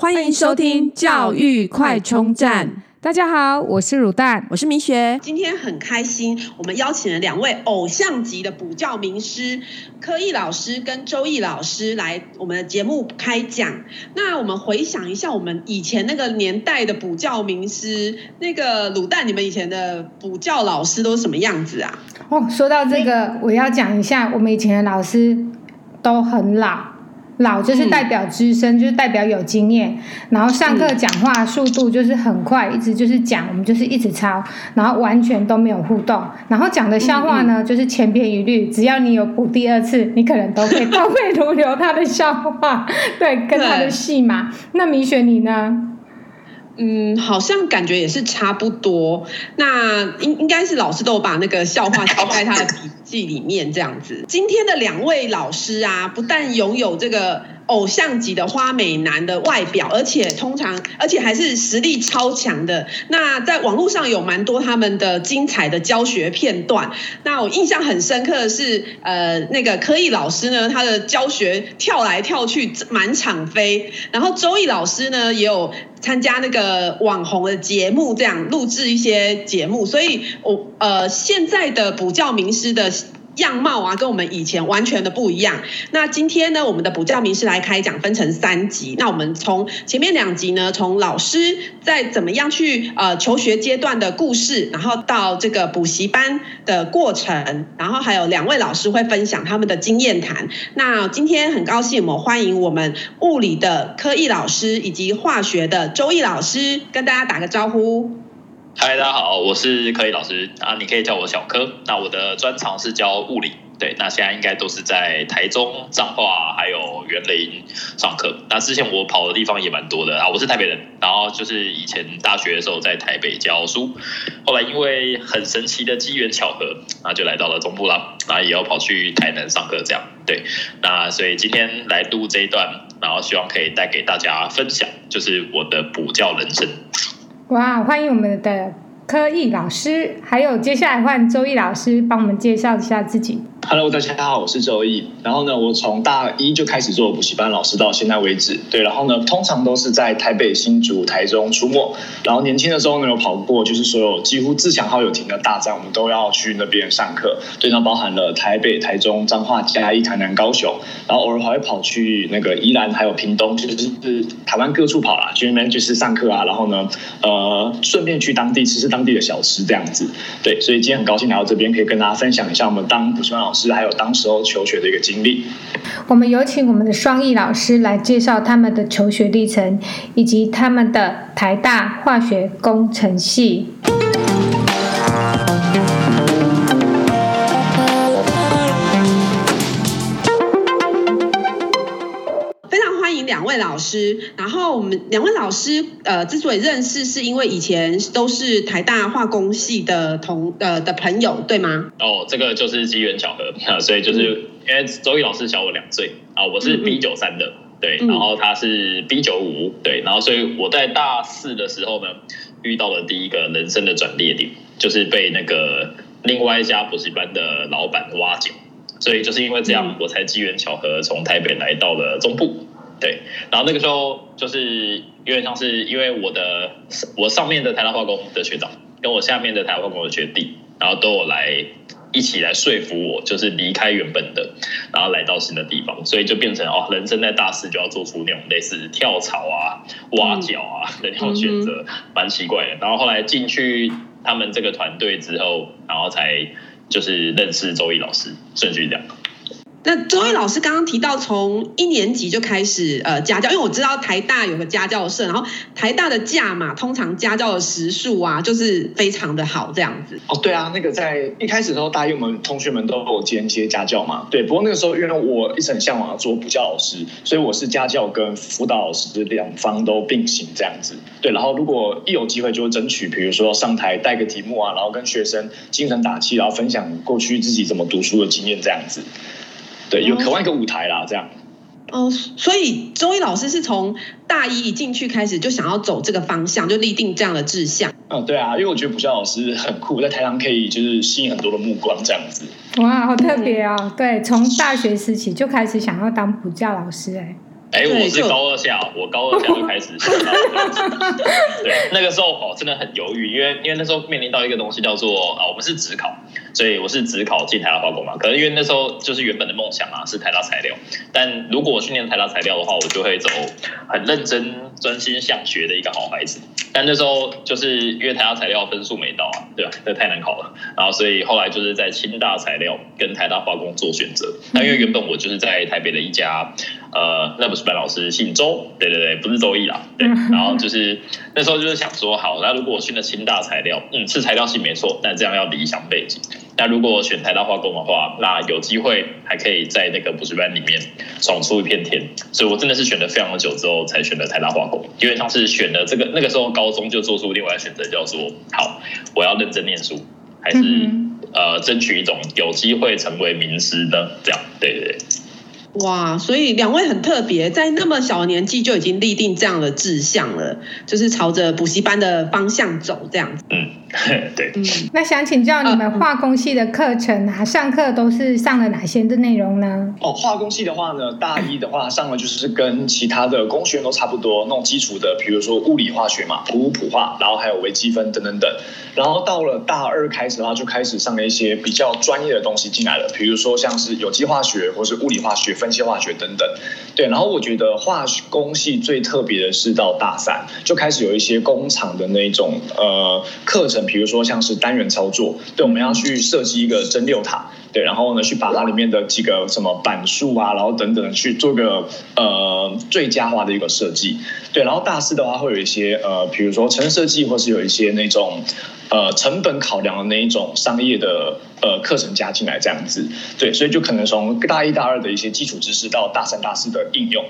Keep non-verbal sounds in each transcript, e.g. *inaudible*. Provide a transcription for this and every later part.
歡迎收聽教育快充站。大家好，我是滷蛋，我是明雪。今天很開心，我們邀請了兩位偶像級的補教名師柯易老師跟周逸老師來我們的節目開講。那我們回想一下，我們以前那個年代的補教名師，那個滷蛋，你們以前的補教老師都什麼樣子啊？哦，說到這個，嗯、我要講一下，我們以前的老師都很老。老就是代表資深，嗯、就是代表有經驗，然後上課講話速度就是很快，是一直就是講，我們就是一直抄，然後完全都沒有互動，然後講的笑話呢嗯嗯，就是千篇一律，只要你有補第二次，你可能都會倒背如流他的笑話， *laughs* 對，跟他的戲嘛。是那米雪你呢？嗯，好像感覺也是差不多，那應應該是老師都把那個笑話抄在他的筆。 *laughs* 戲裡面這樣子，今天的兩位老師啊，不但擁有這個偶像級的花美男的外表，而且通常，而且還是實力超強的。那在網絡上有蠻多他們的精彩的教學片段。那我印象很深刻的是，呃，那個柯易老師呢，他的教學跳來跳去滿場飛，然後周逸老師呢也有參加那個網紅的節目，這樣錄製一些節目。所以我呃現在的補教名師的，樣貌啊，跟我們以前完全的不一樣。那今天呢，我們的補教名師來開講，分成三集。那我們從前面兩集呢，從老師在怎麼樣去呃求學階段的故事，然後到這個補習班的過程，然後還有兩位老師會分享他們的經驗談。那今天很高興，我們歡迎我們物理的柯易老師以及化學的周逸老師，跟大家打個招呼。嗨，Hi, 大家好，我是柯易老師啊，你可以叫我小柯。那我的專長是教物理，對，那現在應該都是在台中、彰化、還有員林上課。那之前我跑的地方也蠻多的啊，我是台北人，然後就是以前大學的時候在台北教書，後來因為很神奇的機緣巧合，那就來到了中部啦。啊，也要跑去台南上課，這樣對。那所以今天來錄這一段，然後希望可以帶給大家分享，就是我的補教人生。哇，歡迎我們的柯易老師，還有接下來換周逸老師幫我們介紹一下自己。Hello，大家好，我是周逸。然後呢，我從大一就開始做補習班老師，到現在為止，對。然後呢，通常都是在台北、新竹、台中出沒。然後年輕的時候呢，有跑過，就是所有幾乎自強號有停的大站，我們都要去那邊上課。對，然後包含了台北、台中、彰化、嘉義、台南、高雄，然後偶爾還會跑去那個宜蘭，還有屏東，就是台灣各處跑啦，去那邊就是上課啊。然後呢，呃，順便去當地吃吃當地的小吃這樣子。對，所以今天很高興來到這邊，可以跟大家分享一下我們當補習班老師還有當時候求學的一個經歷，我們有請我們的雙逸老師來介紹他們的求學歷程以及他們的台大化學工程系。位老師，然後我們兩位老師，呃，之所以認識，是因為以前都是台大化工系的同呃的朋友，對嗎？哦，這個就是機緣巧合，呃、所以就是、嗯、因為周逸老師小我兩歲啊，我是 B 九三的，嗯嗯對，然後他是 B 九五，對，然後所以我在大四的時候呢，遇到了第一個人生的轉捩點，就是被那個另外一家補習班的老闆挖角，所以就是因為這樣，我才機緣巧合從台北來到了中部。嗯對，然後那個時候就是有點像是因為我的我上面的台大化工的學長，跟我下面的台大化工的學弟，然後都有來一起來說服我，就是離開原本的，然後來到新的地方，所以就變成哦，人生在大四就要做出那種類似跳槽啊、挖角啊、嗯、的那種選擇，蠻奇怪的。然後後來進去他們這個團隊之後，然後才就是認識周逸老師，順序這樣。那周逸老師剛剛提到，從一年級就開始呃家教，因為我知道台大有個家教社，然後台大的價嘛，通常家教的時數啊，就是非常的好這樣子。哦，對啊，那個在一開始的時候，大一我們同學們都有在接家教嘛。對，不過那個時候，因為我一直很嚮往做補教老師，所以我是家教跟輔導老師兩方都並行這樣子。對，然後如果一有機會，就會爭取，比如說上台帶個題目啊，然後跟學生精神打氣，然後分享過去自己怎麼讀書的經驗這樣子。對，有渴望一個舞台啦，哦、這樣。哦，所以周逸老師是從大一一進去開始就想要走這個方向，就立定這樣的志向。嗯，對啊，因為我覺得補教老師很酷，在台上可以就是吸引很多的目光，這樣子。哇，好特別啊、哦！嗯、對，從大學時期就開始想要當補教老師哎、欸。哎，我是高二下，我高二下就開始學了。 *laughs* 對，那個時候哦，真的很猶豫，因為因為那時候面臨到一個東西叫做啊，我們是指考，所以我是指考進台大化工嘛。可能因為那時候就是原本的夢想啊是台大材料，但如果我訓練台大材料的話，我就會走很認真、專心向學的一個好孩子。但那時候就是因為台大材料分數沒到啊，對吧？這太難考了。然後所以後來就是在清大材料跟台大化工做選擇。那因為原本我就是在台北的一家。呃，那補習班老師姓周，對對對，不是周易啦，對。然後就是那時候就是想說，好，那如果我選了清大材料，嗯，是材料是沒錯，但這樣要理想背景。那如果選台大化工的話，那有機會還可以在那個補習班裡面闖出一片天。所以我真的是選了非常的久之後才選的台大化工，因為上次選的這個那個時候高中就做出另外一個選擇，叫做好，我要認真念書，還是、嗯、呃爭取一種有機會成為名師的這樣，對對，對。哇，所以兩位很特別，在那麼小年紀就已經立定這樣的志向了，就是朝着補習班的方向走這樣子。嗯，對。嗯，那想請教你們化工系的課程啊，啊嗯、上課都是上了哪些的內容呢？哦，化工系的話呢，大一的話上了就是跟其他的工學院都差不多，那種基礎的，比如說物理化學嘛，普物普化，然後還有微積分等等等。然後到了大二開始的話，就開始上了一些比較專業的東西進來了，比如說像是有機化學或者是物理化學。分析化學等等，對，然後我覺得化工系最特別的是到大三就開始有一些工廠的那種呃課程，比如說像是單元操作，對，我們要去設計一個蒸餾塔，對，然後呢去把它裡面的幾個什麼板數啊，然後等等去做個呃最佳化的一個設計，對，然後大四的話會有一些呃，比如說成設計，或是有一些那種呃成本考量的那一種商業的。呃，課程加進來這樣子，對，所以就可能從大一、大二的一些基礎知識到大三、大四的應用，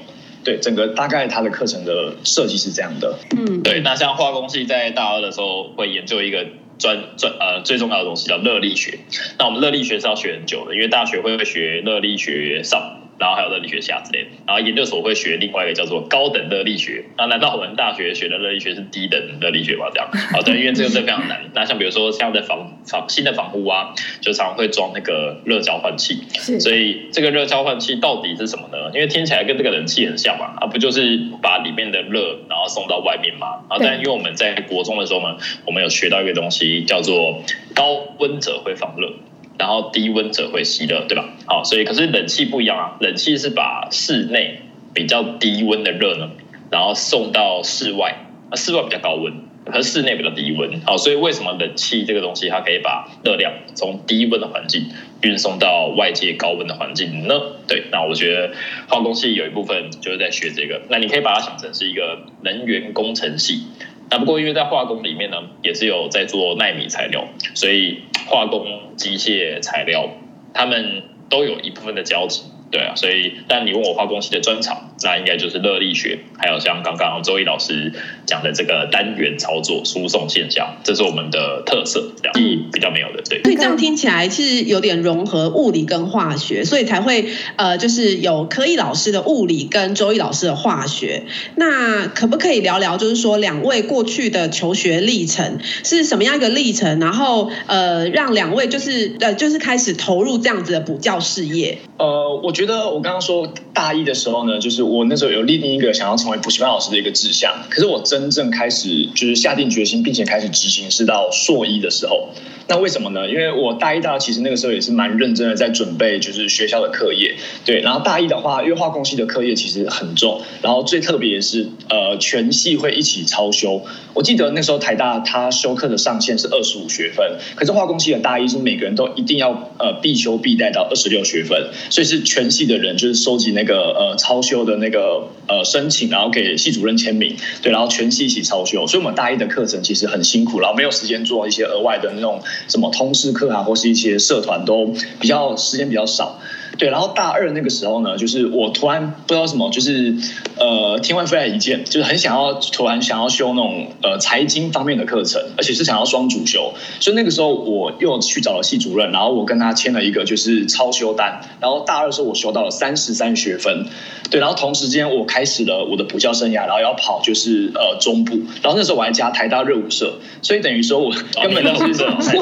對，整個大概它的課程的設計是這樣的。嗯，對，那像化工系在大二的時候會研究一個專專呃最重要的東西叫熱力學，那我們熱力學是要學很久的，因為大學會學熱力學上。然後還有熱力學下之類的，然後研究所會學另外一個叫做高等熱力學。那難道我們大學學的熱力學是低等熱力學嗎？這樣？好、 *laughs* 啊，對，因為這個是非常難。那像比如說像在房新的房屋啊，就常常會裝那個熱交換器。是所以這個熱交換器到底是什麼呢？因為聽起來跟這個冷氣很像嘛，啊，不就是把裡面的熱然後送到外面嘛？啊，但因為我們在國中的時候呢，我們有學到一個東西叫做高溫者會放熱。然後低溫則會吸熱，對吧？好，所以可是冷氣不一樣啊，冷氣是把室內比較低溫的熱呢，然後送到室外，室外比較高溫，和室內比較低溫。好，所以為什麼冷氣這個東西它可以把熱量從低溫的環境運送到外界高溫的環境呢？對，那我覺得化工系有一部分就是在學這個，那你可以把它想成是一個能源工程系。啊，但不過，因為在化工裡面呢，也是有在做奈米材料，所以化工、機械材料，他們都有一部分的交集。對啊，所以但你問我化工系的專長，那應該就是熱力學，還有像剛剛周逸老師講的這個單元操作輸送現象，這是我們的特色，啊、嗯，比較沒有的，對。所以這樣聽起來其實有點融合物理跟化學，所以才會呃，就是有柯易老師的物理跟周逸老師的化學。那可不可以聊聊，就是說兩位過去的求學歷程是什麼樣一個歷程？然後呃，讓兩位就是呃，就是開始投入這樣子的補教事業？呃，我。我覺得我剛剛說大一的時候呢，就是我那時候有立定一個想要成為補習班老師的一個志向，可是我真正開始就是下定決心並且開始執行是到碩一的時候。那為什麼呢？因為我大一、大二其實那個時候也是蠻認真的在準備，就是學校的課業。對，然後大一的話，因為化工系的課業其實很重，然後最特別是呃全系會一起超修。我記得那時候台大它修課的上限是二十五學分，可是化工系的大一，是每個人都一定要呃必修必帶到二十六學分，所以是全系的人就是收集那個呃超修的那個呃申請，然後給系主任簽名，對，然後全系一起超修。所以我們大一的課程其實很辛苦，然後沒有時間做一些額外的那種。什麼通識課啊，或是一些社團，都比較時間比較少。對，然後大二那個時候呢，就是我突然不知道什麼，就是呃，天外飛來一件，就是很想要突然想要修那種呃財經方面的課程，而且是想要雙主修，所以那個時候我又去找了系主任，然後我跟他簽了一個就是超修單，然後大二的時候我修到了三十三學分，對，然後同時間我開始了我的補教生涯，然後要跑就是呃中部，然後那時候我還加台大熱舞社，所以等於說我根本就是、哦、沒，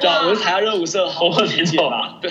對啊哇，我是台大熱舞社，哇好理解吧？哇對。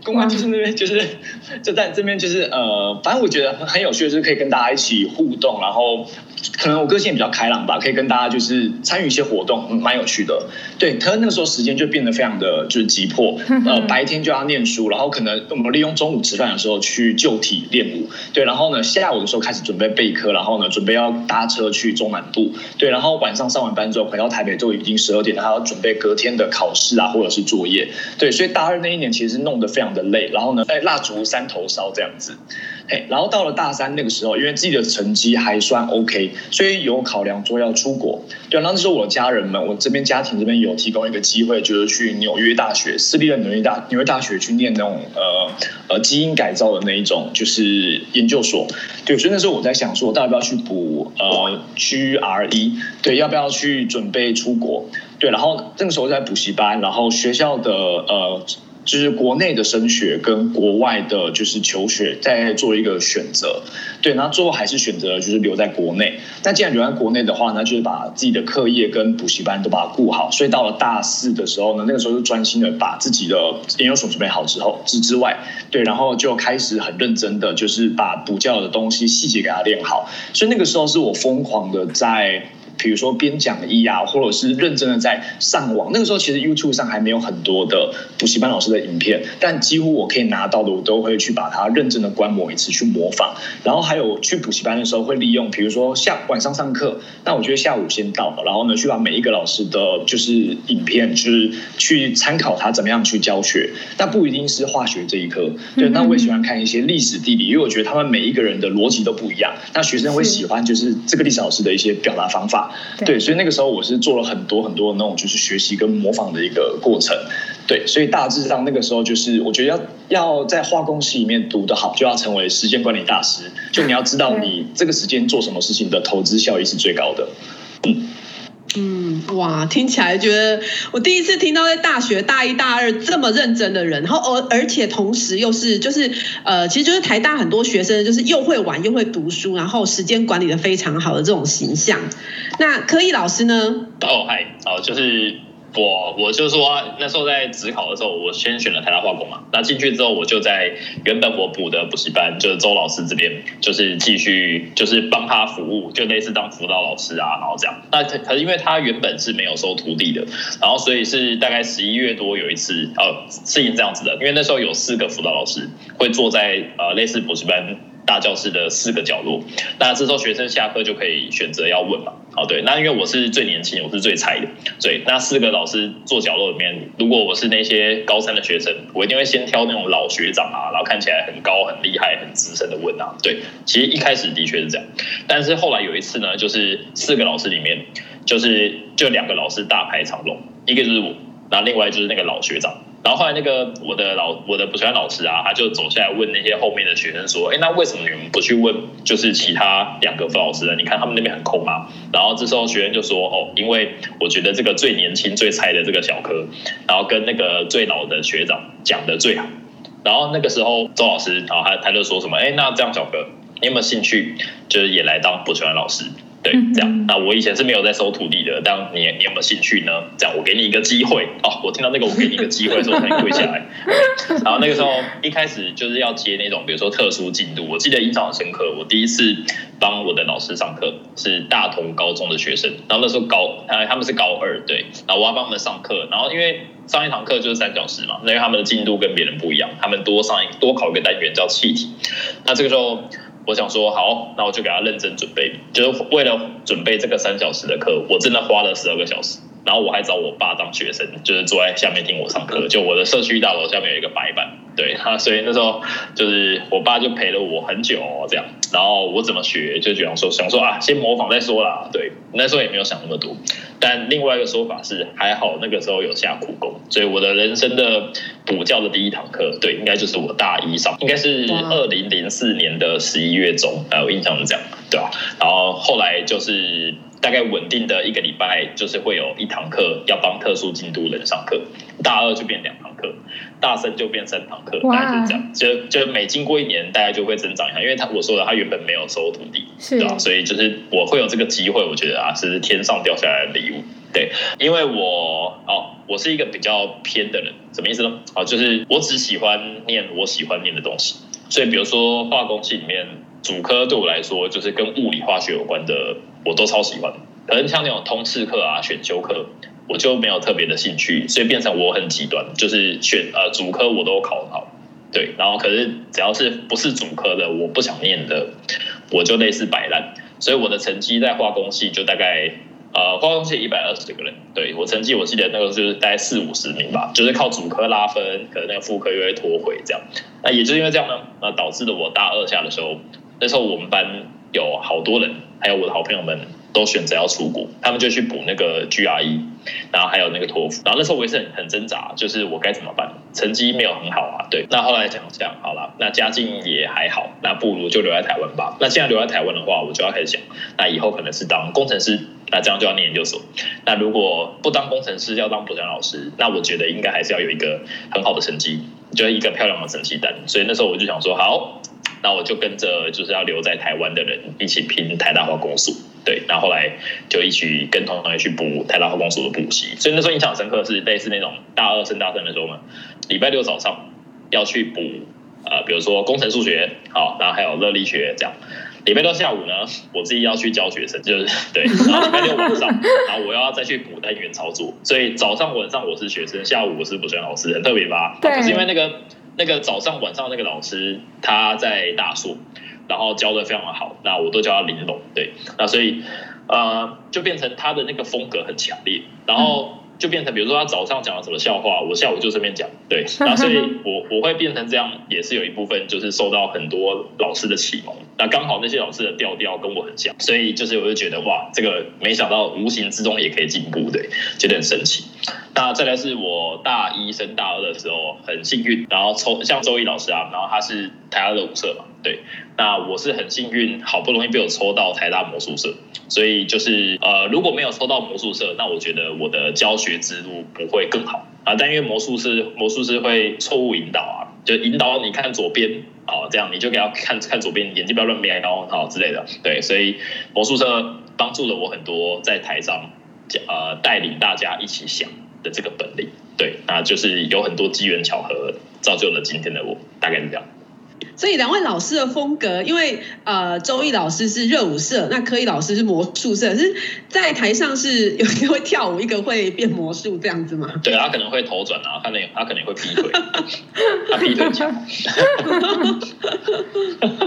公關就是那邊 Wow.、就是，就是就在這邊，就是呃，反正我覺得很有趣，就是可以跟大家一起互動，然後可能我個性也比較開朗吧，可以跟大家就是參與一些活動，嗯、蠻有趣的。對，可是那個時候時間就變得非常的就是急迫，呃，白天就要念書，然後可能我們利用中午吃飯的時候去舊體練舞，對，然後呢下午的時候開始準備備課，然後呢準備要搭車去中南部，對，然後晚上上完班之後回到台北就已經十二點了，還要準備隔天的考試啊或者是作業，對，所以大二那一年其實是弄得非常的累，然後呢，在蠟燭三頭燒這樣子，嘿、hey，然後到了大三那個時候，因為自己的成績還算 OK，所以有考量說要出國。對，然後那時候我的家人們，我這邊家庭這邊有提供一個機會，就是去紐約大學，私立的紐約大紐約大學去念那種呃呃基因改造的那一種就是研究所。對，所以那時候我在想說，我到底要不要去補呃 GRE，對，要不要去準備出國？對，然後那個時候在補習班，然後學校的呃。就是國內的升學跟國外的，就是求學在做一個選擇，對，然後最後還是選擇了就是留在國內。但既然留在國內的話，那就是把自己的課業跟補習班都把它顧好。所以到了大四的時候呢，那個時候是專心的把自己的研究所準備好之後之之外，對，然後就開始很認真的就是把補教的東西細節給它練好。所以那個時候是我瘋狂的在。比如說編講義啊，或者是認真的在上網。那個時候其實 YouTube 上還沒有很多的補習班老師的影片，但幾乎我可以拿到的，我都會去把它認真的觀摩一次，去模仿。然後還有去補習班的時候，會利用，比如說下，晚上上課，那我覺得下午先到了，然後呢，去把每一個老師的就是影片，就是去參考他怎麼樣去教學。那不一定是化學這一科，對，嗯嗯，那我也喜歡看一些歷史地理，因為我覺得他們每一個人的邏輯都不一樣。那學生會喜歡就是這個歷史老師的一些表達方法。對，所以那個時候我是做了很多很多的那種，就是學習跟模仿的一個過程。對，所以大致上那個時候就是，我覺得要要在化工系裡面讀得好，就要成為時間管理大師。就你要知道，你這個時間做什麼事情的投資效益是最高的。嗯。嗯，哇，聽起來覺得我第一次聽到在大學大一、大二這麼認真的人，然後而、而且同時又是就是呃，其實就是台大很多學生就是又會玩又會讀書，然後時間管理得非常好的這種形象。那柯易老師呢？哦、oh, oh,，嗨，好，就是。我我就說、啊、那時候在指考的時候，我先選了台大化工嘛、啊。那進去之後，我就在原本我補的補習班，就是周老師這邊，就是繼續就是幫他服務，就類似當輔導老師啊，然後這樣。那他因為他原本是沒有收徒弟的，然後所以是大概十一月多有一次，呃、啊，適應這樣子的，因為那時候有四個輔導老師會坐在呃類似補習班。大教室的四個角落，那這時候學生下課就可以選擇要問嘛。好、哦，對，那因為我是最年輕，我是最菜的，所以那四個老師坐角落裡面，如果我是那些高三的學生，我一定會先挑那種老學長啊，然後看起來很高、很厲害、很資深的問啊。對，其實一開始的確是這樣，但是後來有一次呢，就是四個老師裡面，就是就兩個老師大排長龍，一個就是我，那另外就是那個老學長。然後後來那個我的老我的補習班老師啊，他就走下來問那些後面的學生說：“哎，那為什麼你們不去問就是其他兩個副老師呢？你看他們那邊很空啊。然後這時候學生就說：“哦，因為我覺得這個最年輕最菜的這個小柯，然後跟那個最老的學長講得最好。”然後那個時候周老師然後他他就說什麼：“哎，那這樣小柯，你有沒有興趣就是也來當補習班老師？”對，這樣，那我以前是沒有在收徒弟的，但你你有沒有興趣呢？這樣，我給你一個機會哦。我聽到那個，我給你一個機會的時候，我跪下來、 *laughs* 嗯。然後那個時候一開始就是要接那種，比如說特殊進度。我記得印象很深刻，我第一次幫我的老師上課是大同高中的學生，然後那時候高，哎，他們是高二，對，然後我要幫他們上課，然後因為上一堂課就是三小時嘛，因為他們的進度跟別人不一樣，他們多上多考一個單元叫氣體，那這個時候。我想說好，那我就給他認真準備，就是為了準備這個三小時的課，我真的花了十二個小時，然後我還找我爸當學生，就是坐在下面聽我上課，就我的社區大樓下面有一個白板。對哈、啊，所以那時候就是我爸就陪了我很久、哦、這樣，然後我怎麼學，就覺得說想說啊，先模仿再說啦。對，那時候也沒有想那麼多。但另外一個說法是，還好那個時候有下苦功，所以我的人生的補教的第一堂課，對，應該就是我大一上，應該是二零零四年的十一月中，哎，我印象是這樣，對吧？啊？然後後來就是大概穩定的一個禮拜，就是會有一堂課要幫特殊進度人上課，大二就變兩。大聲就變成堂課，大概就是這樣，哇就就每經過一年，大概就會增長一下，因為他我說的，他原本沒有收徒弟，是啊。所以就是我會有這個機會，我覺得啊，就是天上掉下來的禮物，對，因為我哦，我是一個比較偏的人，什麼意思呢？啊，就是我只喜歡念我喜歡念的東西，所以比如說化工系裡面主科對我來說就是跟物理化學有關的，我都超喜歡，可能像那種通識課啊、選修課。我就沒有特別的興趣，所以變成我很極端，就是選呃主科我都考好，對，然後可是只要是不是主科的，我不想念的，我就類似擺爛。所以我的成績在化工系就大概呃化工系一百二十個人，對我成績我記得那個就是大概四五十名吧，就是靠主科拉分，可是那個副科又會拖回這樣。那也就是因為這樣呢，那、呃、導致了我大二下的時候，那時候我們班有好多人，還有我的好朋友們都選擇要出國，他們就去補那個 G R E。然後還有那個托福，然後那時候我也是很，很掙扎，就是我該怎麼辦，成績沒有很好啊，對。那後來想一想，好了，那家境也還好，那不如就留在台灣吧。那既然留在台灣的話，我就要開始想，那以後可能是當工程師，那這樣就要念研究所。那如果不當工程師，要當補教老師，那我覺得應該還是要有一個很好的成績，就是一個漂亮的成績單。所以那時候我就想說，好。那我就跟着就是要留在台灣的人一起拼台大化工所，對，然後後來就一起跟同學去補台大化工所的補習，所以那時候印象深刻的是類似那種大二升大三的時候嘛，禮拜六早上要去補啊、呃。比如說工程數學，好，然後還有熱力學這樣。禮拜六下午呢，我自己要去教學生，就是對，然後禮拜六晚上，然後我要再去補單元操作，所以早上晚上我是學生，下午我是補習老師，很特別吧？對，就是因為那個。那個早上晚上那個老師，他在大碩，然後教得非常好，那我都叫他玲瓏，對，那所以呃，就變成他的那個風格很強烈，然後就變成比如說他早上講了什麼笑話，我下午就順便講，對，那所以我我會變成這樣，也是有一部分就是受到很多老師的啟蒙，那剛好那些老師的調調跟我很像，所以就是我就覺得哇，這個沒想到無形之中也可以進步，對，覺得很神奇。那再來是我大一升大二的時候很幸運，然後抽像周逸老師啊，然後他是台大的舞社嘛，對。那我是很幸運，好不容易被我抽到台大魔術社，所以就是呃如果沒有抽到魔術社，那我覺得我的教學之路不會更好啊。但因為魔術師魔術師會錯誤引導啊，就引導你看左邊啊，這樣你就給他看看左邊，眼睛不要亂瞄，然後好之類的，對。所以魔術社幫助了我很多，在台上呃帶領大家一起想。的這個本領，對啊，那就是有很多機緣巧合，造就了今天的我，大概是這樣。所以兩位老師的風格，因為呃，周逸老師是熱舞社，那柯易老師是魔術社，是在台上是有一個會跳舞，一個會變魔術這樣子嗎？對啊，他可能會頭轉啊，他，那他可能會劈腿， *laughs* 他劈腿強。 *laughs*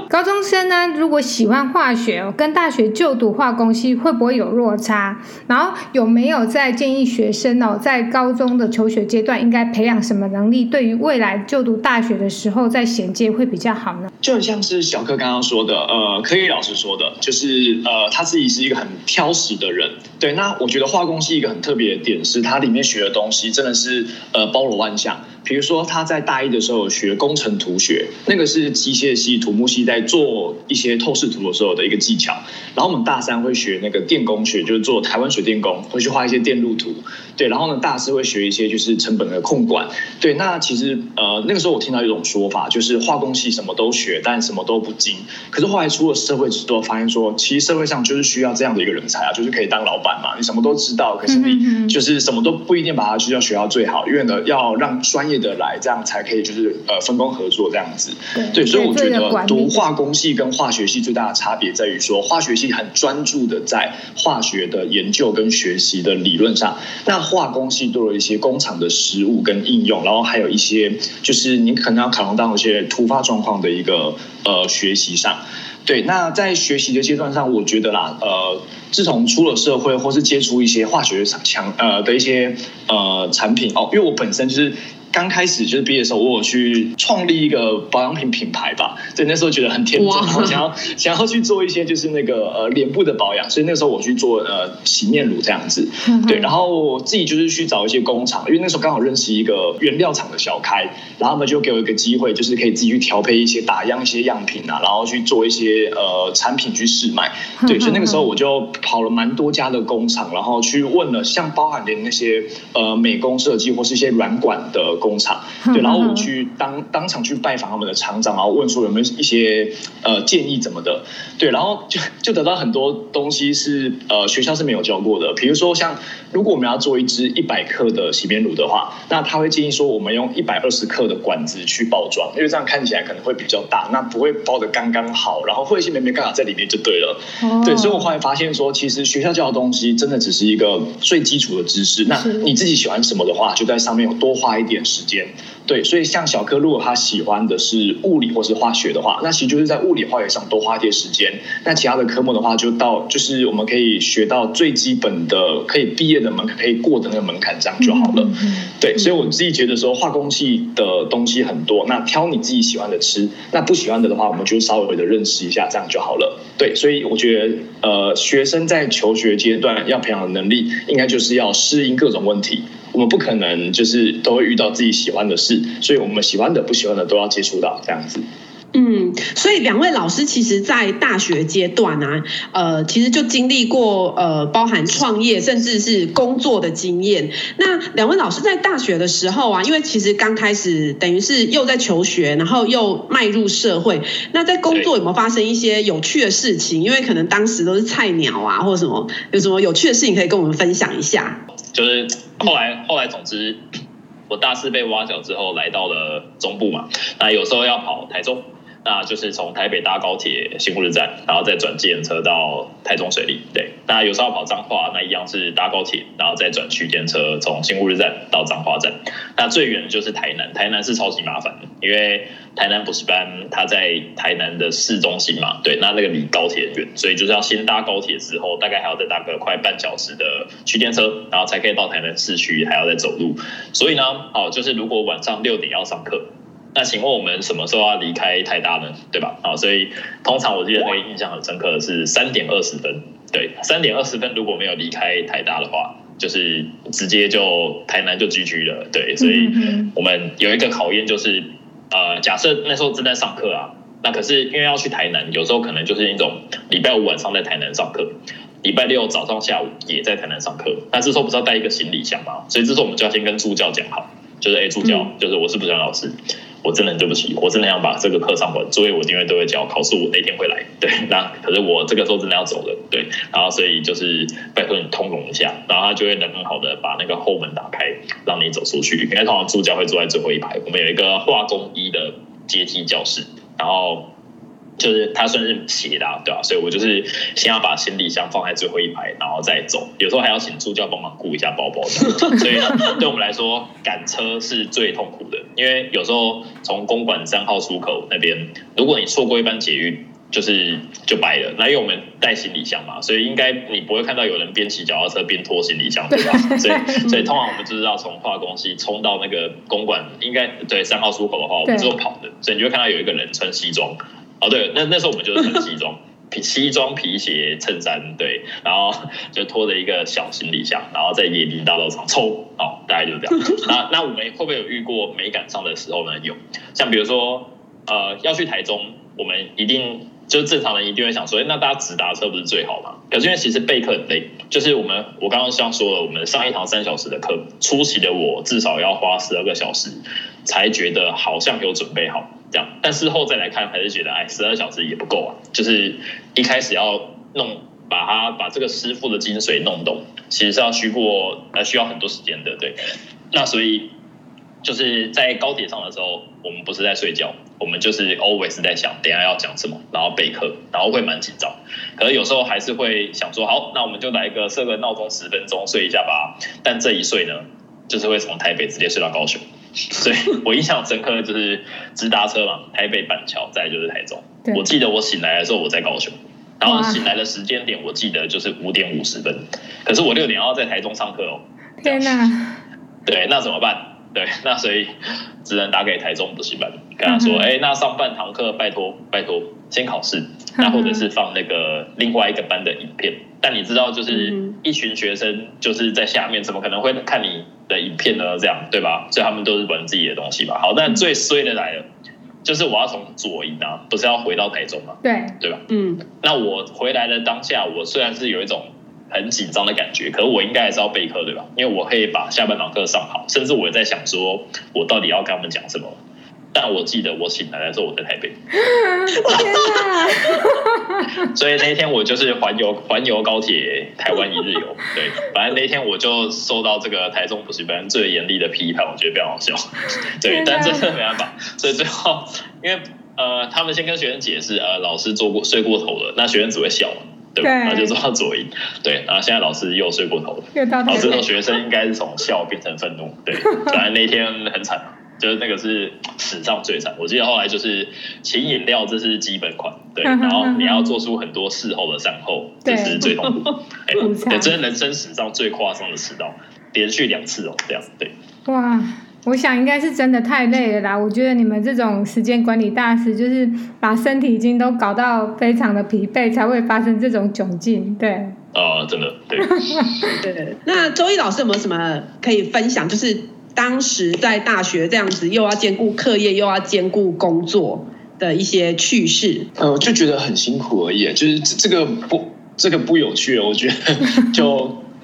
高中生呢，如果喜歡化學，跟大學就讀化工系會不會有落差？然後有沒有在建議學生哦，在高中的求學階段應該培養什麼能力，對於未來就讀大學的時候，在銜接會比較？就很像是小柯剛剛說的，呃，柯易老師說的，就是呃，他自己是一個很挑食的人。對，那我覺得化工是一個很特別的點，是它裡面學的東西真的是呃，包羅萬象。比如說他在大一的時候學工程圖學，那個是機械系、土木系在做一些透視圖的時候的一個技巧。然後我們大三會學那個電工學，就是做台灣水電工會去畫一些電路圖。對，然後呢，大師會學一些就是成本的控管。對，那其實呃那個時候我聽到一種說法，就是化工系什麼都學，但什麼都不精。可是後來出了社會之後，發現說，其實社會上就是需要這樣的一個人才啊，就是可以當老闆嘛。你什麼都知道，可是你就是什麼都不一定把它需要學到最好，嗯嗯，因為呢，要讓專業的來，這樣才可以就是呃分工合作這樣子。對，對對，所以我覺得讀化工系跟化學系最大的差別在於說，化學系很專注的在化學的研究跟學習的理論上，那。化工系多了一些工廠的實務跟應用，然後還有一些就是你可能要考慮到一些突發狀況的一個呃學習上。對，那在學習的階段上，我覺得啦，呃，自從出了社會或是接觸一些化學強呃的一些呃產品哦，因為我本身就是。剛開始就是畢業的時候，我有去創立一個保養品品牌吧。對，那時候覺得很天真，然後 Wow. 想要想要去做一些就是那個呃臉部的保養，所以那時候我去做呃洗面乳這樣子。對，然後我自己就是去找一些工廠，因為那時候剛好認識一個原料廠的小開，然後他們就給我一個機會，就是可以自己去調配一些打樣一些樣品啊，然後去做一些呃產品去試賣。對，所以那個時候我就跑了蠻多家的工廠，然後去問了像包含的那些呃美工設計或是一些軟管的。工廠，對，然後我去當當場去拜訪他們的廠長，然後問說有沒有一些呃建議怎麼的，對，然後就就得到很多東西是呃學校是沒有教過的，比如說像。如果我們要做一支一百克的洗面乳的話，那他會建議說我們用一百二十克的管子去包裝因為這樣看起來可能會比較大，那不會包得剛剛好，然後會一些沒沒干好在裡面就對了。哦、對，所以我後來發現說，其實學校教的東西真的只是一個最基礎的知識。那你自己喜歡什麼的話，是就在上面有多花一點時間。對，所以像小柯如果他喜歡的是物理或是化學的話，那其實就是在物理化學上多花一些時間。那其他的科目的話，就到就是我們可以學到最基本的可以畢業的門可以過的那個門檻，這樣就好了。對，所以我自己覺得說化工系的東西很多，那挑你自己喜歡的吃，那不喜歡的的話，我們就稍微的認識一下，這樣就好了。對，所以我覺得呃學生在求學階段要培養的能力，應該就是要適應各種問題。我們不可能就是都會遇到自己喜歡的事，所以我們喜歡的、不喜歡的都要接觸到這樣子。嗯，所以兩位老師其實，在大學階段啊，呃，其實就經歷過呃，包含創業甚至是工作的經驗。那兩位老師在大學的時候啊，因為其實剛開始等於是又在求學，然後又邁入社會。那在工作有沒有發生一些有趣的事情？對因為可能當時都是菜鳥啊，或者什麼，有什麼有趣的事情可以跟我們分享一下？就是。後來，後來，總之，我大四被挖角之後，來到了中部嘛。那有時候要跑台中。那就是從台北搭高鐵新烏日站，然後再轉機電車到台中水利。對，那有時候跑彰化，那一樣是搭高鐵，然後再轉區間車從新烏日站到彰化站。那最遠就是台南，台南是超級麻煩的，因為台南補習班，它在台南的市中心嘛，對，那那個離高鐵遠，所以就是要先搭高鐵之後，大概還要再搭個快半小時的區間車，然後才可以到台南市區，還要再走路。所以呢，好、哦，就是如果晚上六點要上課。那請問我們什麼時候要離開台大呢？對吧？啊、哦，所以通常我記得那個印象很深刻的是三點二十分。對，三點二十分如果沒有離開台大的話，就是直接就台南就 GG 了。對，所以我們有一個考驗就是，呃，假設那時候正在上課啊，那可是因為要去台南，有時候可能就是那種禮拜五晚上在台南上課，禮拜六早上下午也在台南上課。那這時候不是要帶一個行李箱嗎？所以這時候我們就要先跟助教講好，就是哎，助教、嗯、就是我是補習班老師。我真的很對不起，我真的想把這個課上完，作業我今天都會交，考試我那天會來。對，那可是我這個時候真的要走了，對，然後所以就是拜託你通融一下，然後他就會能很好的把那個後門打開，讓你走出去。因為通常助教會坐在最後一排，我們有一個化工一的階梯教室，然後。就是他算是斜的，啊，對吧，啊？所以，我就是先要把行李箱放在最後一排，然後再走。有時候還要請助教幫忙顧一下包包的。所以，對我們來說，趕車是最痛苦的，因為有時候從公館三號出口那邊，如果你錯過一班捷運，就是就白了。那因為我們帶行李箱嘛，所以應該你不會看到有人邊騎腳踏車邊拖行李箱，對吧，啊？所以，所以通常我們就是要從化工系衝到那個公館，應該對三號出口的話，我們就跑的，對所以你就會看到有一個人穿西裝。哦對，那那時候我們就是西裝、皮西裝、皮鞋、襯衫，對，然後就拖着一個小行李箱，然後在椰林大道上抽，哦，大概就是這樣。 *laughs* 那那我們會不會有遇過沒趕上的時候呢？有，像比如說，呃，要去台中，我們一定。就是正常人一定會想說，哎，那大家直達車不是最好嗎？可是因為其實備課很累，就是我們我剛剛像說了，我們上一堂三小時的課，初期的我至少要花十二個小時，才覺得好像有準備好這樣，但事後再來看還是覺得，哎，十二小時也不夠啊，就是一開始要弄把它把這個師傅的精髓弄懂，其實是要需過呃需要很多時間的，對，那所以。就是在高鐵上的時候，我們不是在睡覺，我們就是 always 在想，等下要講什麼，然後備課，然後會蠻緊張。可是有時候還是會想說，好，那我們就來一個設個鬧鐘，十分鐘睡一下吧。但這一睡呢，就是會從台北直接睡到高雄。所以我印象深刻的就是直達車嘛，台北板橋再就是台中。對我記得我醒來的時候，我在高雄，然後醒來的時間點我記得就是五點五十分，哇可是我六點要在台中上課哦。天吶哪對，那怎麼辦？對，那所以只能打給台中補習班，跟他說，哎、欸，那上半堂課拜託拜託先考試，那或者是放那個另外一個班的影片，但你知道就是一群學生就是在下面，怎麼可能會看你的影片呢？這樣對吧？所以他們都是玩自己的東西吧。好，那最衰的來了，就是我要從左營啊，不是要回到台中嗎？啊？對，對吧？嗯，那我回來的當下，我雖然是有一種。很緊張的感覺，可是我應該還是要備課對吧？因為我可以把下半堂課上好，甚至我也在想說，我到底要跟他們講什麼。但我記得我醒來的時候，我在台北。哪 *laughs* 所以那一天我就是環遊環遊高鐵台灣一日遊。對，反正那一天我就受到這個台中補習班最嚴厲的批判，我覺得比較好笑。對，哪但真的沒辦法，所以最後因為呃，他們先跟學生解釋，呃，老師做過睡過頭了，那學生只會笑。對，對然後就做作業，對，然後現在老師又睡過頭了，然後之後學生應該是從笑變成憤怒，對，反正 *laughs* 那天很慘，就是那個是史上最慘，我記得後來就是請飲料這是基本款，對， *laughs* 然後你要做出很多事後的善後， *laughs* 這是最痛苦，欸，這是人生史上最誇張的遲到，連續兩次哦這樣子，對，哇。 *laughs* 我想應該是真的太累了啦。我覺得你們這種時間管理大師，就是把身體已經都搞到非常的疲憊，才會發生這種窘境，對。啊，真的，對。 *laughs* 對。對。那周逸老師有沒有什麼可以分享？就是當時在大學這樣子，又要兼顧課業，又要兼顧工作的一些趣事？呃，就覺得很辛苦而已，就是這，這個不，這個不有趣，哦。我覺得，就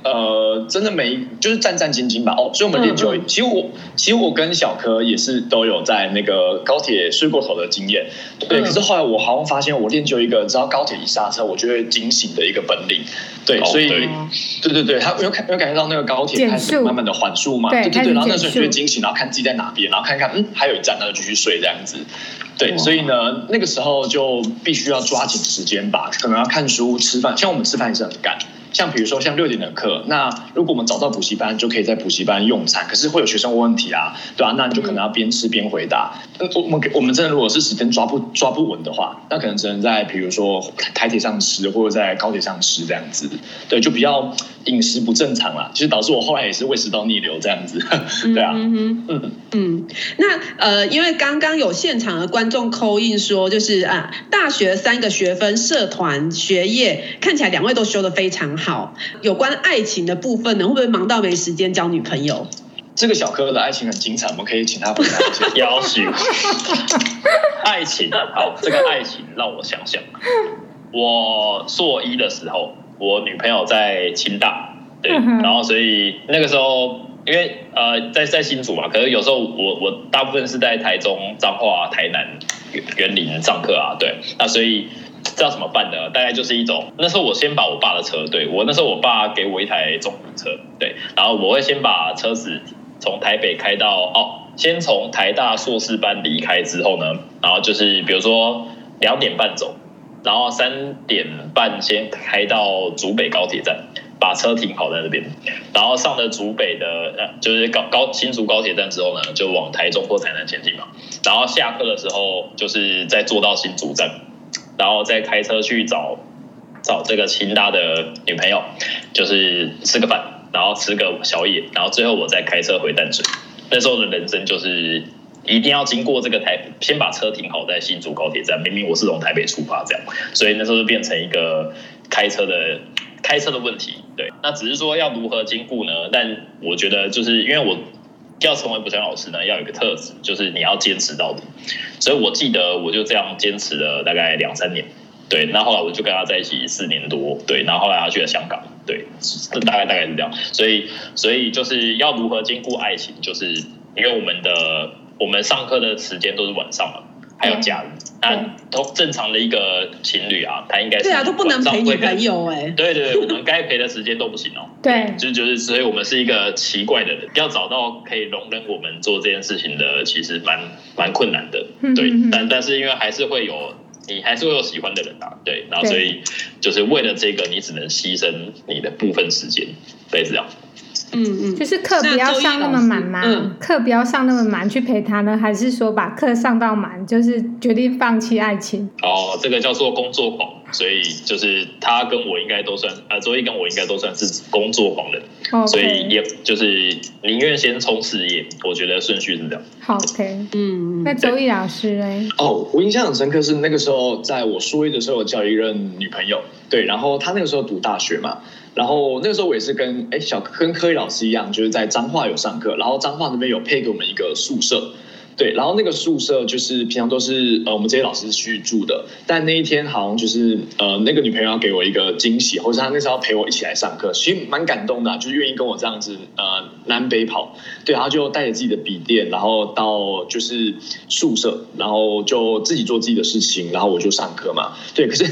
呃。真的沒，就是戰戰兢兢吧。哦，所以我們練就，嗯、其實我，其實我跟小柯也是都有在那個高鐵睡過頭的經驗，對。嗯、可是後來我好像發現，我練就一個，只要高鐵一剎車，我就會驚醒的一個本領。對，高所以，嗯、對對對，他有感有感覺到那個高鐵開始慢慢的緩速嘛？數對對對。然後那時候你就會驚醒，然後看自己在哪邊，然後看看嗯還有一站，那就繼續睡這樣子。對，哇所以呢，那個時候就必須要抓緊時間吧，可能要看書、吃飯，像我們吃飯也是很趕。像比如說像六點的課，那如果我們找到補習班，就可以在補習班用餐。可是會有學生問問題啊，對啊，那你就可能要邊吃邊回答。嗯、我們我們真的如果是時間抓不抓不穩的話，那可能只能在比如說台鐵上吃，或者在高鐵上吃這樣子，對，就比較飲食不正常了。其實導致我後來也是胃食道逆流這樣子，嗯、樣子對啊。嗯嗯嗯。那呃，因為剛剛有現場的觀眾 call in 說，就是啊，大學三個學分，社團學業看起來兩位都修得非常。好，有關愛情的部分呢，會不會忙到沒時間交女朋友？這個小哥哥的愛情很精彩，我們可以請他回來。邀請 *laughs* *laughs* 愛情，好，這個愛情讓我想想。我碩一的時候，我女朋友在清大，對，然後所以那個時候，因為呃，在在新竹嘛，可是有時候我我大部分是在台中彰化台南園林上課啊，對，那所以。這要怎麼辦呢？大概就是一種，那時候我先把我爸的車，對，我那時候我爸給我一台中古車，對，然後我會先把車子從台北開到，哦，先從台大碩士班離開之後呢，然後就是比如說兩點半走，然後三點半先開到竹北高鐵站，把車停好在那邊，然後上了竹北的，呃，就是高高新竹高鐵站之後呢，就往台中或台南前進嘛，然後下課的時候，就是再坐到新竹站。然後再開車去找找這個清大的女朋友，就是吃個飯，然後吃個宵夜，然後最後我再開車回淡水。那時候的人生就是一定要經過這個台，先把車停好在新竹高鐵站。明明我是從台北出發，這樣，所以那時候就變成一個開車的開車的問題。對，那只是說要如何經過呢？但我覺得就是因為我。要成為補教老師呢，要有一個特質，就是你要堅持到底。所以我記得，我就這樣堅持了大概兩三年。對，那後，後來我就跟他在一起四年多。對，然後後來他去了香港。對，這大概大概是這樣。所以，所以就是要如何兼顧愛情，就是因為我們的我們上課的時間都是晚上嘛。還有家人，那都正常的一個情侶啊，他應該是，對啊，都不能陪女朋友哎，對對對，我們該陪的時間都不行哦， *laughs* 對，就是就是，所以我們是一個奇怪的人，要找到可以容忍我們做這件事情的，其實蠻蠻困難的，對，嗯、哼哼，但但是因為還是會有，你還是會有喜歡的人啊，對，然後所以對就是為了這個，你只能犧牲你的部分時間，對，這樣。嗯嗯，嗯，就是課不要上那麼滿嗎？嗯，課不要上那麼滿去陪他呢，還是說把課上到滿，就是決定放棄愛情？哦，這個叫做工作狂，所以就是他跟我應該都算啊、呃，周逸跟我應該都算是工作狂的，Okay. 所以也就是寧願先衝事業，我覺得順序是這樣。OK，嗯，那周逸老師哎，哦，我印象很深刻是那個時候在我初一的時候交一任女朋友，對，然後他那個時候讀大學嘛。然後那個時候我也是跟哎，小跟柯易老師一樣，就是在彰化有上課，然後彰化那邊有配給我們一個宿舍。對，然後那個宿舍就是平常都是呃我們這些老師去住的，但那一天好像就是呃那個女朋友要給我一個驚喜，或者是她那時候陪我一起來上課，其實蠻感動的啊，就是願意跟我這樣子呃南北跑，對，然後就帶着自己的筆電，然後到就是宿舍，然後就自己做自己的事情，然後我就上課嘛，對，可是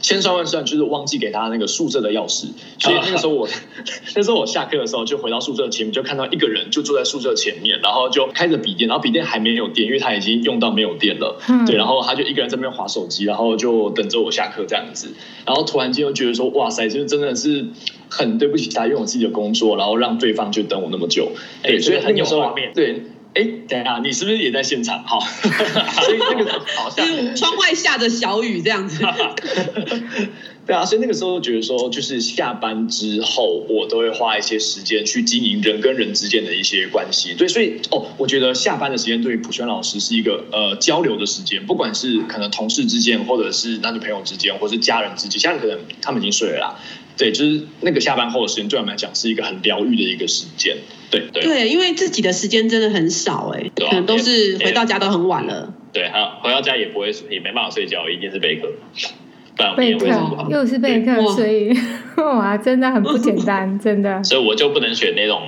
千算萬算就是忘記給他那個宿舍的鑰匙，所以那個時候我 *laughs* *laughs* 那時候我下課的時候就回到宿舍前面，就看到一個人就坐在宿舍前面，然後就開着筆電，然後筆電還沒。沒有電，因為他已經用到沒有電了。嗯、對，然後他就一個人在那邊滑手機，然後就等着我下課這樣子。然後突然間又覺得說，哇塞，就是真的是很對不起他，用我自己的工作，然後讓對方就等我那麼久。哎所、欸、所以很有畫面。對，哎、欸，等一下，你是不是也在現場？好，所以這個，好像窗外下着小雨這樣子。 *laughs* 對啊，所以那個時候我覺得說，就是下班之後，我都會花一些時間去經營人跟人之間的一些關係。對，所以哦，我覺得下班的時間對於普軒老師是一個呃交流的時間，不管是可能同事之間，或者是男女朋友之間，或者是家人之間。家人可能他們已經睡了啦，對，就是那個下班後的時間，對我們來講是一個很療癒的一個時間。對對,對，因為自己的時間真的很少哎，可能都是回到家都很晚了。對，還有回到家也不會也沒辦法睡覺，一定是備課。備課克又是備課，對所以哇，哇，真的很不簡單， *laughs* 真的。所以我就不能選那種。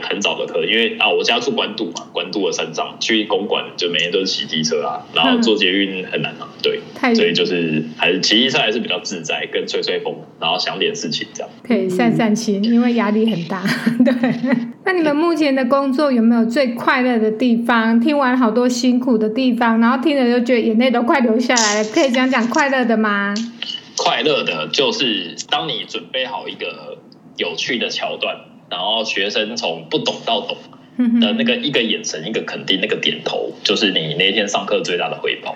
很早的課，因為啊，我家住關渡嘛，關渡的三張去公館，就每天都是騎機車啊，然後坐捷運很難啊，嗯、對，太遠所以就是還是騎機車還是比較自在，跟吹吹風，然後想點事情這樣。可以、okay, 散散心，嗯、因為壓力很大，對。 *laughs* 那你們目前的工作有沒有最快樂的地方？聽完好多辛苦的地方，然後聽了就覺得眼淚都快流下來了，可以講講快樂的嗎？快樂的就是當你準備好一個有趣的橋段，然後學生從不懂到懂的那個一個眼神，一個肯定，那個點頭，就是你那天上課最大的回報。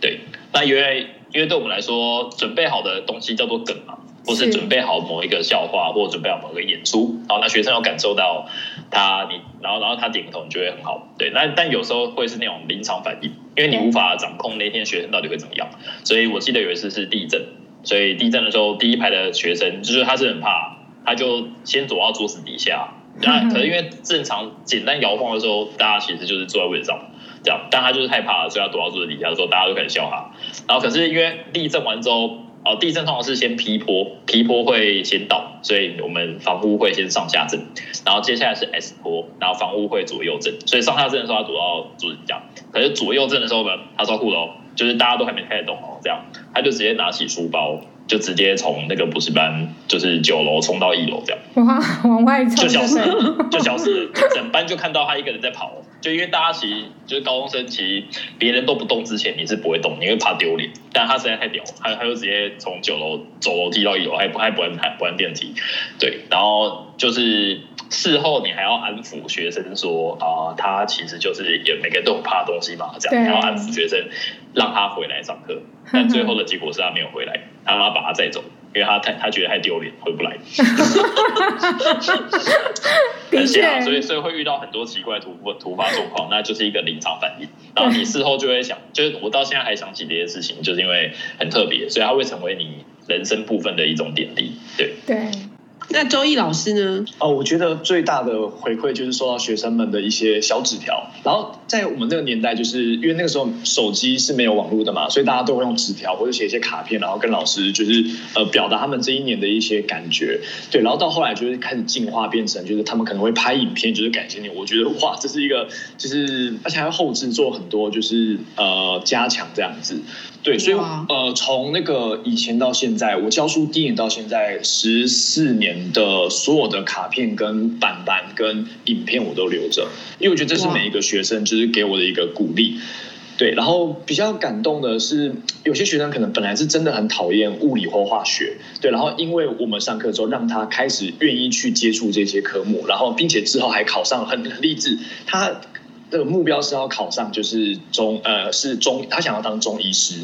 對，那因為因為對我們來說，準備好的東西叫做梗嘛，或是準備好某一個笑話，或準備好某個演出。好，那學生要感受到他你，然後然後他點頭你就會很好。對，那但有時候會是那種臨場反應，因為你無法掌控那一天學生到底會怎麼樣。所以我記得有一次是地震，所以地震的時候，第一排的學生就是他是很怕。他就先躲到桌子底下，那可能因為正常簡單搖晃的時候，大家其實就是坐在位置上這樣。但他就是害怕，所以要躲到桌子底下的時候，說大家都開始笑他。然後可是因為地震完之後，哦、呃，地震通常是先 P 波，P 波會先到，所以我們房屋會先上下震，然後接下來是 S 波，然後房屋會左右震。所以上下震的時候他躲到桌子底下，可是左右震的時候呢，他，他說：“酷哦，就是大家都還沒開始動，哦，這樣。”他就直接拿起書包。就直接從那個補習班，就是九樓衝到一樓這樣。哇，往外衝！就消失， *laughs* 就消失。整班就看到他一個人在跑。就因為大家其實就是高中生，其實別人都不動之前，你是不會動，你會怕丟臉。但他實在太屌，他他就直接從九樓走樓梯到一樓，還不還不按不按電梯。對，然後就是事後你還要安撫學生說啊、呃，他其實就是也每個人都有怕的東西嘛，這樣，然後對安撫學生讓他回來上課。但最後的結果是他沒有回來，他媽把他帶走，因為他太他覺得太丟臉，回不來。而且、啊，所以所以會遇到很多奇怪突突發狀況，那就是一個臨場反應。然後你事後就會想，對就是我到現在還想起這些事情，就是因為很特別，所以他會成為你人生部分的一種點滴。對對。那周逸老師呢？哦，我覺得最大的回饋就是收到學生們的一些小紙條。然後在我們那個年代，就是因為那個時候手機是沒有網絡的嘛，所以大家都會用紙條或者寫一些卡片，然後跟老師就是呃表達他們這一年的一些感覺。對，然後到後來就是開始進化，變成就是他們可能會拍影片，就是感謝你。我覺得哇，這是一個就是而且還要後製做很多就是呃加強這樣子。對，所以 Wow. 呃，從那個以前到現在，我教書第一年到現在十四年的所有的卡片、跟板板、跟影片，我都留着，因為我覺得這是每一個學生就是給我的一個鼓勵。Wow. 對，然後比較感動的是，有些學生可能本來是真的很討厭物理或化學，對，然後因為我們上課之後，讓他開始願意去接觸這些科目，然後並且之後還考上很勵志，很很勵志他。這個目標是要考上，就是中呃是中，他想要當中醫師，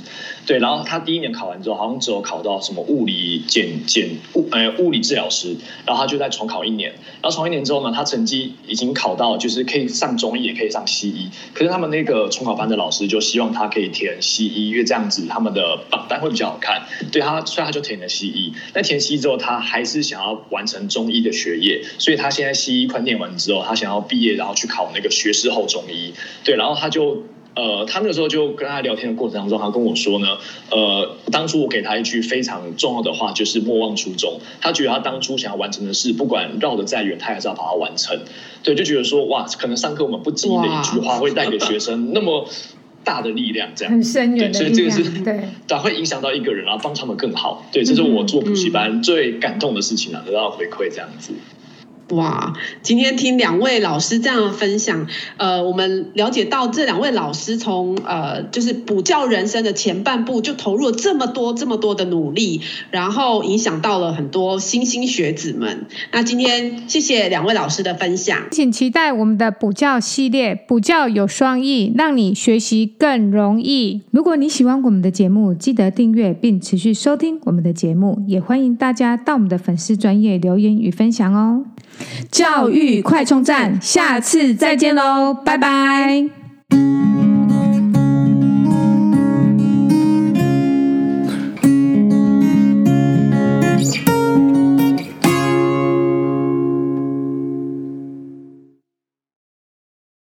對，然後他第一年考完之後，好像只有考到什麼物理簡簡物呃物理治療師，然後他就再重考一年，然後重一年之後呢，他成績已經考到就是可以上中醫也可以上西醫，可是他們那個重考班的老師就希望他可以填西醫，因為這樣子他們的榜單會比較好看，對他，所以他就填了西醫。但填西醫之後，他還是想要完成中醫的學業，所以他現在西醫快念完之後，他想要畢業，然後去考那個學士後。中醫，對，然後他就呃，他那個時候就跟他聊天的過程當中，他跟我說呢，呃，當初我給他一句非常重要的話，就是莫忘初衷。他覺得他當初想要完成的事，不管繞得再遠，他還是要把它完成。對，就覺得說哇，可能上課我們不經意的一句話，會帶給學生那麼大的力量，這樣哇對很深遠的力量，對，所以這個是對，但會影響到一個人啊，然後幫他們更好。對，這是我做補習班、嗯、最感動的事情啊，得到回饋這樣子。哇！今天聽兩位老師這樣的分享，呃，我們了解到這兩位老師從呃就是補教人生的前半部就投入了這麼多這麼多的努力，然後影響到了很多莘莘學子們。那今天謝謝兩位老師的分享，請期待我們的補教系列，補教有雙翼，讓你學習更容易。如果你喜歡我們的節目，記得訂閱並持續收聽我們的節目，也歡迎大家到我們的粉絲專頁留言與分享哦。教育快充站，下次再見嘍，拜拜。